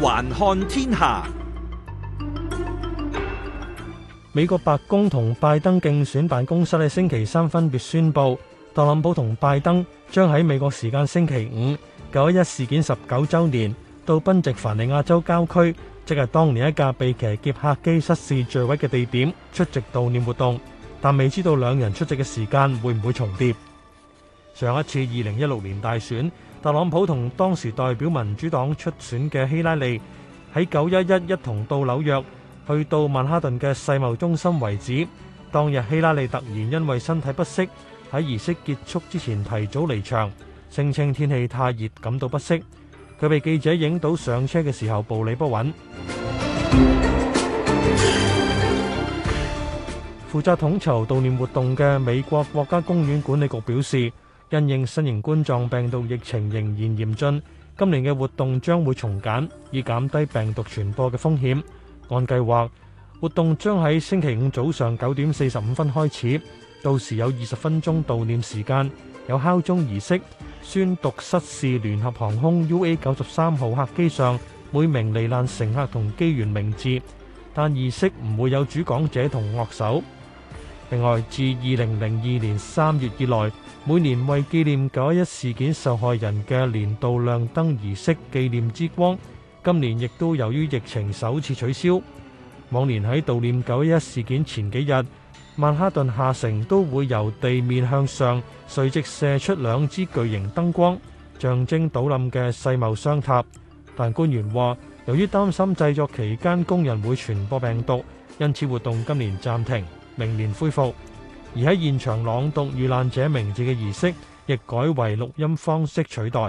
環看天下，美國白宮同拜登競選辦公室喺星期三分別宣布，特朗普同拜登將喺美國時間星期五九一一事件十九周年，到賓夕凡尼亞州郊區，即係當年一架被騎劫客機失事墜毀嘅地點，出席悼念活動。但未知道兩人出席嘅時間會唔會重疊。上一次二零一六年大選，特朗普同當時代表民主黨出選嘅希拉里喺九一一一同到紐約，去到曼哈頓嘅世貿中心為止。當日希拉里突然因為身體不適，喺儀式結束之前提早離場，聲稱天氣太熱感到不適。佢被記者影到上車嘅時候步履不穩。負責統籌悼念活動嘅美國國家公園管理局表示，因應新型冠狀病毒疫情仍然嚴峻，今年嘅活動將會從簡，以減低病毒傳播嘅風險。按計劃，活動將喺星期五早上九點四十五分開始，到時有二十分鐘悼念時間，有敲鐘儀式，宣讀失事聯合航空 U A 九十三號客機上每名罹難乘，乘客同機員名字，但儀式唔會有主講者同樂手。另外，自二零零二年三月以來，每年為紀念九一一事件受害人嘅年度亮燈儀式「紀念之光」，今年亦都由於疫情首次取消。往年喺悼念九一一事件前幾日，曼哈頓下城都會由地面向上垂直射出兩支巨型燈光，象徵倒冧嘅世貿雙塔。但官員話，由於擔心製作期間工人會傳播病毒，因此活動今年暫停。明年恢復，而喺現場朗讀遇難者名字嘅儀式亦改為錄音方式取代。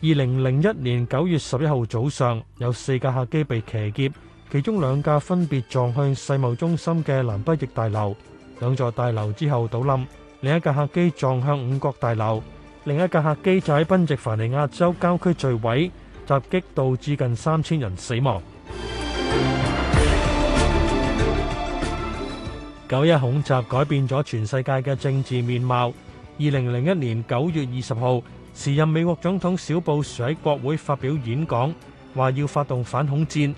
二零零一年九月十一號早上，有四架客機被騎劫，其中兩架分別撞向世貿中心嘅南北翼大樓，兩座大樓之後倒冧；另一架客機撞向五角大樓，另一架客機就喺賓夕凡尼亞州郊區墜毀。襲擊導致近三千人死亡。九一恐襲改變咗全世界嘅政治面貌。二零零一年九月二十號，時任美國總統小布殊喺國會發表演講，話要發動反恐戰。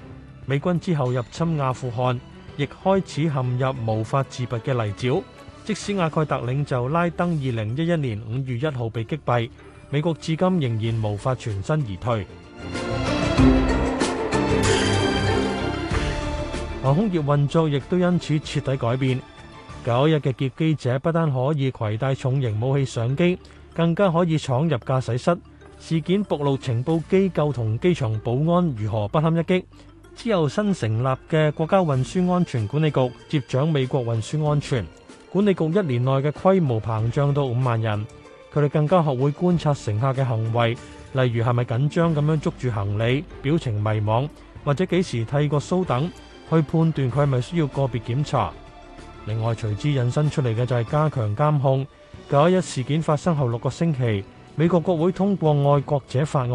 美軍之後入侵阿富汗，亦開始陷入無法自拔嘅泥沼。即使阿蓋達領袖拉登二零一一年五月一號被擊斃。美國至今仍然無法全身而退，航空業運作亦都因此徹底改變。九日嘅劫機者不單可以攜帶重型武器上機，更加可以闖入駕駛室。事件暴露情報機構同機場保安如何不堪一擊。之後新成立嘅國家運輸安全管理局接掌美國運輸安全管理局一年內嘅規模膨脹到五萬人。佢哋更加學會觀察乘客嘅行為，例如係咪緊張咁樣捉住行李、表情迷惘或者幾時剃過鬚等，去判斷佢係咪需要個別檢查。另外，隨之引申出嚟嘅就係加強監控。九一一事件發生後六個星期，美國國會通過《愛國者法案》，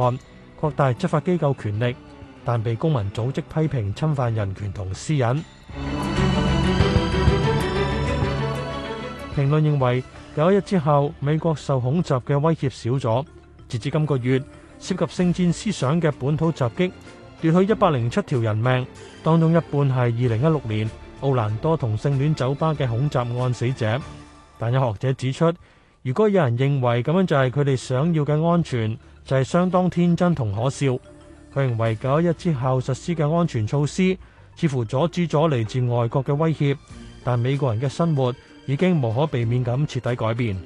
擴大執法機構權力，但被公民組織批評侵犯人權同私隱。評論 認為。九一一之後，美國受恐襲嘅威脅少咗。截至今個月，涉及聖戰思想嘅本土襲擊奪去一百零七條人命，當中一半係二零一六年奧蘭多同性戀酒吧嘅恐襲案死者。但有學者指出，如果有人認為咁樣就係佢哋想要嘅安全，就係相當天真同可笑。佢認為九一一之後實施嘅安全措施，似乎阻止咗嚟自外國嘅威脅，但美國人嘅生活已經無可避免咁徹底改變。